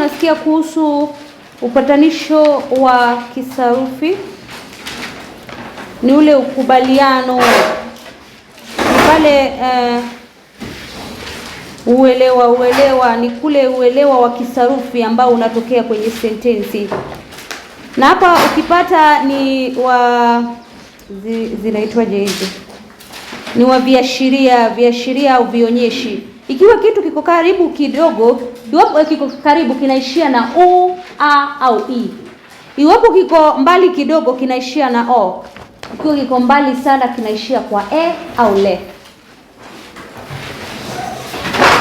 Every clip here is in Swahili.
tunasikia kuhusu upatanisho wa kisarufi, ni ule ukubaliano, ni pale uh, uelewa. Uelewa ni kule uelewa wa kisarufi ambao unatokea kwenye sentensi, na hapa ukipata ni wa zi, zinaitwaje hizi, ni wa viashiria, viashiria au vionyeshi. Ikiwa kitu kiko karibu kidogo Iwapo kiko karibu kinaishia na u, a au i. Iwapo kiko mbali kidogo kinaishia na o. Ikiwa kiko mbali sana kinaishia kwa e au le.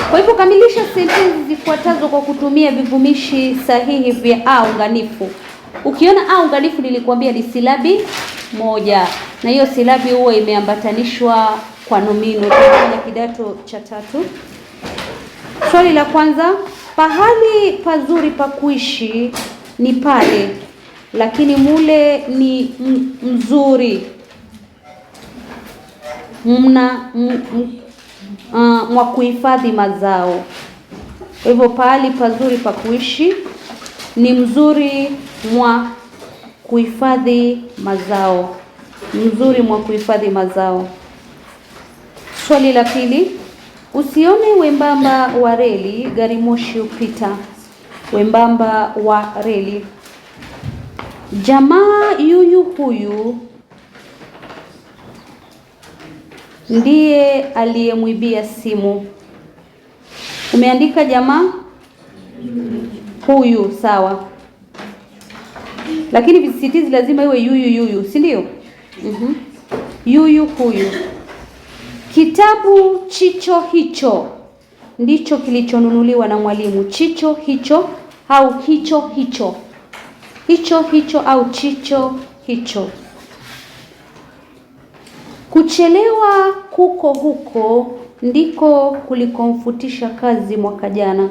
Kwa hivyo kamilisha sentensi zifuatazo kwa kutumia vivumishi sahihi vya a unganifu. Ukiona a unganifu, nilikuambia ni silabi moja, na hiyo silabi huwa imeambatanishwa kwa nomino. Tunafanya kidato cha tatu. Swali la kwanza. Pahali pazuri pa kuishi ni pale, lakini mule ni mzuri mna mwa kuhifadhi mazao. Kwa hivyo pahali pazuri pa kuishi ni mzuri mwa kuhifadhi mazao, mzuri mwa kuhifadhi mazao. Swali la pili. Usione wembamba wa reli gari moshi upita, wembamba wa reli. Jamaa yuyu huyu ndiye aliyemwibia simu. Umeandika jamaa huyu, sawa, lakini visisitizi lazima iwe yuyu yuyu, si ndio? mm -hmm. Yuyu huyu Kitabu chicho hicho ndicho kilichonunuliwa na mwalimu. Chicho hicho au hicho hicho, hicho hicho au chicho hicho. Kuchelewa kuko huko ndiko kulikomfutisha kazi mwaka jana.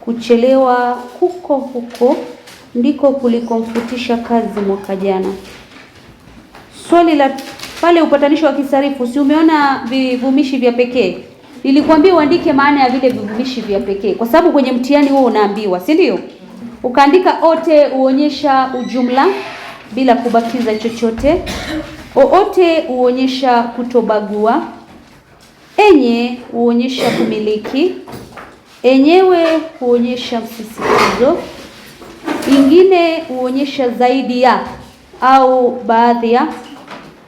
Kuchelewa kuko huko ndiko kulikomfutisha kazi mwaka jana. Swali la pale upatanisho wa kisarifu, si umeona vivumishi vya pekee? Nilikwambia uandike maana ya vile vivumishi vya pekee, kwa sababu kwenye mtihani huo unaambiwa, si ndio? Ukaandika ote, uonyesha ujumla bila kubakiza chochote. Oote uonyesha kutobagua. Enye huonyesha kumiliki. Enyewe huonyesha msisitizo. Ingine huonyesha zaidi ya au baadhi ya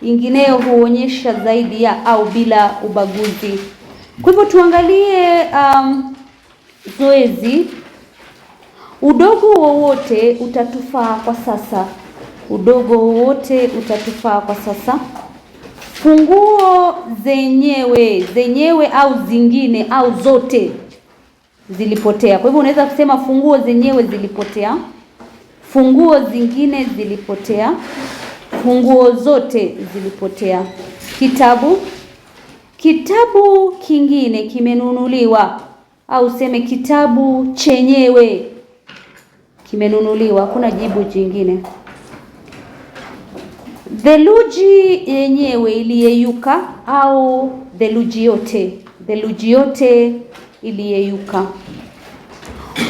Ingineyo huonyesha zaidi ya au bila ubaguzi. Kwa hivyo tuangalie um, zoezi. Udogo wowote utatufaa kwa sasa. Udogo wowote utatufaa kwa sasa. Funguo zenyewe zenyewe au zingine au zote zilipotea. Kwa hivyo unaweza kusema funguo zenyewe zilipotea, funguo zingine zilipotea funguo zote zilipotea. Kitabu kitabu kingine kimenunuliwa, au seme kitabu chenyewe kimenunuliwa. Kuna jibu jingine. Theluji yenyewe iliyeyuka, au theluji yote, theluji yote iliyeyuka.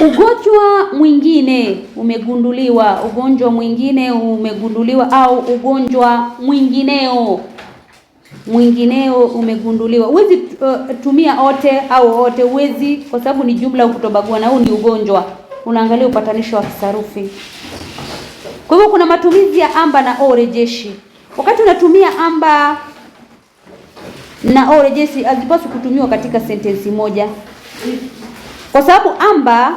Ugonjwa mwingine umegunduliwa, ugonjwa mwingine umegunduliwa, au ugonjwa mwingineo mwingineo umegunduliwa. Huwezi uh, tumia ote au ote, huwezi kwa sababu ni jumla ukutobagua, na huu ni ugonjwa, unaangalia upatanisho wa kisarufi. Kwa hivyo kuna matumizi ya amba na o rejeshi. Wakati unatumia amba na o rejeshi hazipaswi kutumiwa katika sentensi moja kwa sababu amba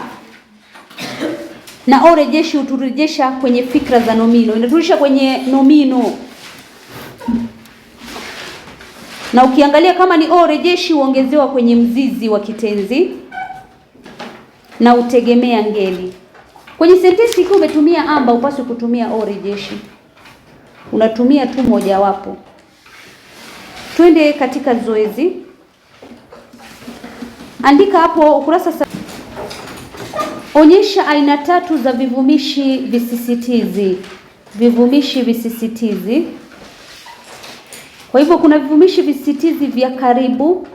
na ore jeshi huturejesha kwenye fikra za nomino, inaturudisha kwenye nomino. Na ukiangalia kama ni ore jeshi huongezewa kwenye mzizi wa kitenzi na utegemea ngeli. Kwenye sentensi ikiwa umetumia amba, upaswi kutumia ore jeshi, unatumia tu mojawapo. Twende katika zoezi. Andika hapo ukurasa sa... onyesha aina tatu za vivumishi visisitizi. Vivumishi visisitizi. Kwa hivyo kuna vivumishi visisitizi vya karibu,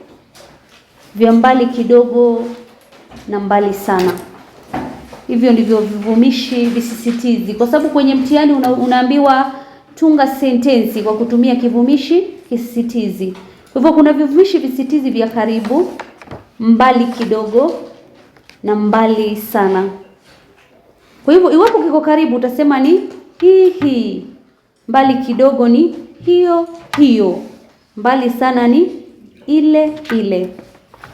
vya mbali kidogo na mbali sana. Hivyo ndivyo vivumishi visisitizi, kwa sababu kwenye mtihani una, unaambiwa tunga sentensi kwa kutumia kivumishi kisisitizi. Kwa hivyo kuna vivumishi visisitizi vya karibu mbali kidogo na mbali sana. Kwa hivyo iwapo kiko karibu utasema ni hii hii, mbali kidogo ni hiyo hiyo, mbali sana ni ile ile.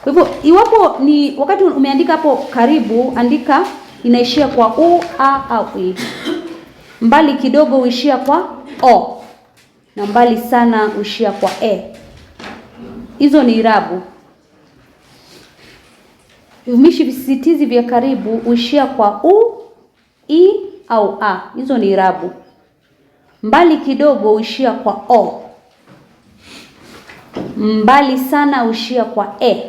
Kwa hivyo iwapo ni wakati umeandika hapo karibu, andika inaishia kwa u, a au i. Mbali kidogo uishia kwa o, na mbali sana uishia kwa e. Hizo ni irabu. Vivumishi visisitizi vya karibu huishia kwa u, i au a. Hizo ni irabu. Mbali kidogo huishia kwa o. Mbali sana huishia kwa e.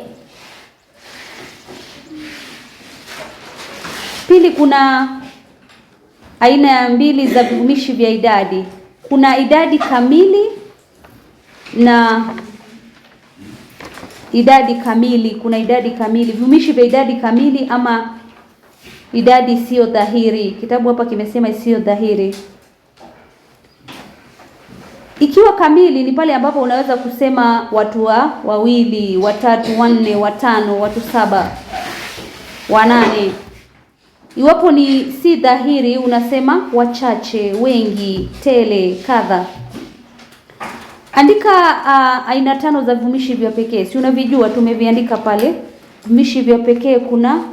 Pili, kuna aina ya mbili za vivumishi vya idadi. Kuna idadi kamili na idadi kamili, kuna idadi kamili, viumishi vya idadi kamili ama idadi isiyo dhahiri. Kitabu hapa kimesema isiyo dhahiri. Ikiwa kamili ni pale ambapo unaweza kusema watu wa wawili, watatu, wanne, watano, watu saba, wanane. Iwapo ni si dhahiri, unasema wachache, wengi, tele, kadha. Andika uh, aina tano za vivumishi vya pekee. Si unavijua tumeviandika pale. Vivumishi vya pekee kuna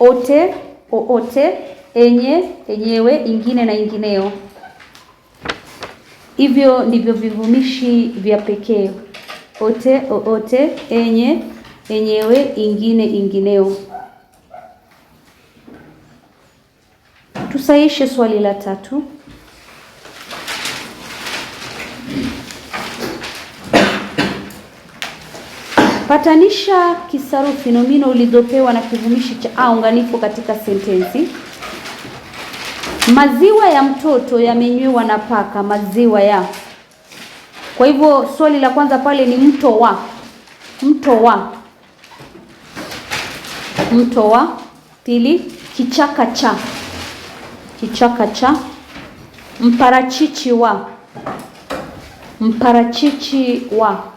ote, oote, enye, enyewe, ingine na ingineo. Hivyo ndivyo vivumishi vya pekee: ote, oote, enye, enyewe, ingine, ingineo. tusaishe swali la tatu. Patanisha kisarufi nomino ulizopewa na kivumishi cha a unganifu katika sentensi. Maziwa ya mtoto yamenywewa na paka. Maziwa ya. Kwa hivyo swali la kwanza pale ni mto wa, mto wa, mto wa. Pili, kichaka cha, kichaka cha. Mparachichi wa, mparachichi wa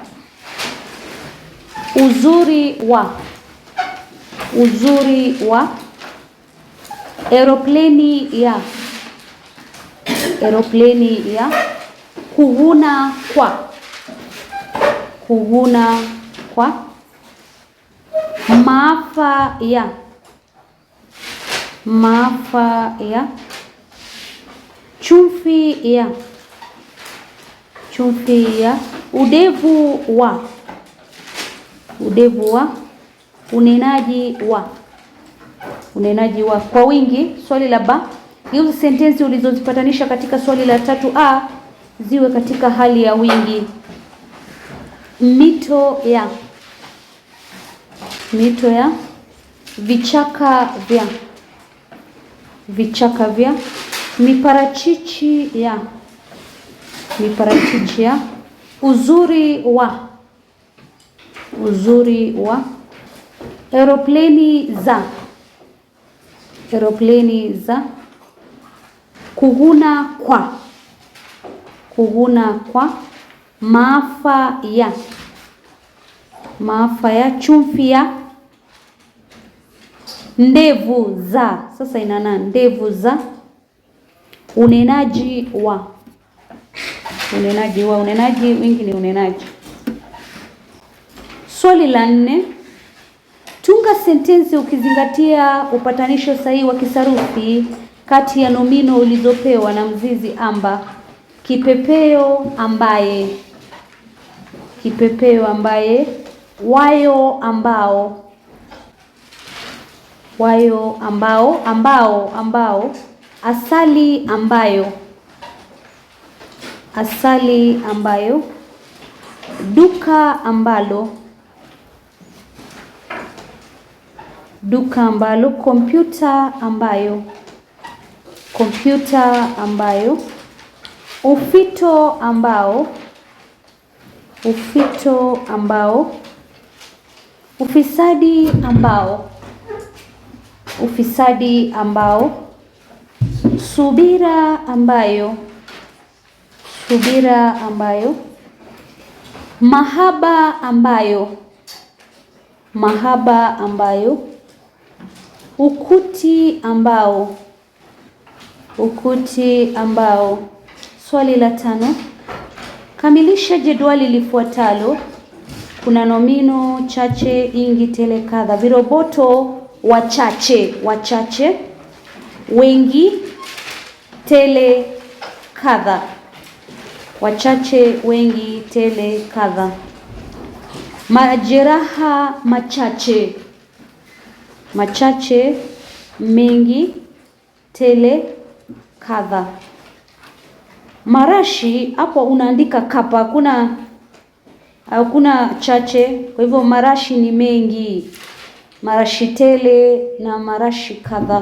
uzuri wa uzuri wa eropleni ya eropleni ya kuvuna kwa kuvuna kwa maafa ya maafa ya chumfi ya chumfi ya udevu wa udevu wa unenaji wa unenaji wa kwa wingi. Swali la ba, hizo sentensi ulizozipatanisha katika swali la tatu a ziwe katika hali ya wingi. Mito ya mito ya vichaka vya vichaka vya miparachichi ya miparachichi ya uzuri wa uzuri wa eropleni za eropleni za kuhuna kwa kuhuna kwa maafa ya maafa ya chumvi ya ndevu za. Sasa inana ndevu za unenaji wa unenaji wa unenaji wingi ni unenaji Swali la nne, tunga sentensi ukizingatia upatanisho sahihi wa kisarufi kati ya nomino ulizopewa na mzizi amba. Kipepeo ambaye, kipepeo ambaye, wayo ambao, wayo ambao, ambao, ambao, asali ambayo, asali ambayo, duka ambalo duka ambalo kompyuta ambayo kompyuta ambayo ufito ambao ufito ambao ufisadi ambao ufisadi ambao subira ambayo subira ambayo mahaba ambayo mahaba ambayo Ukuti ambao, ukuti ambao. Swali la tano, kamilisha jedwali lifuatalo. Kuna nomino chache, ingi, tele, kadha. Viroboto wachache, wachache, wengi, tele, kadha. Wachache, wengi, tele, kadha. Majeraha machache machache, mengi, tele, kadha. Marashi hapo unaandika kapa, hakuna hakuna chache. Kwa hivyo marashi ni mengi, marashi tele na marashi kadha.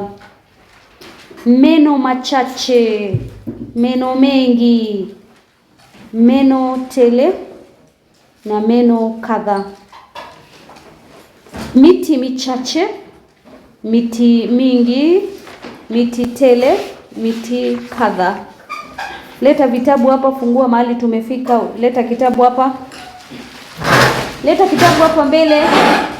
Meno machache, meno mengi, meno tele na meno kadha. Miti michache miti mingi, miti tele, miti kadha. Leta vitabu hapa, fungua mahali tumefika. Leta kitabu hapa, leta kitabu hapa mbele.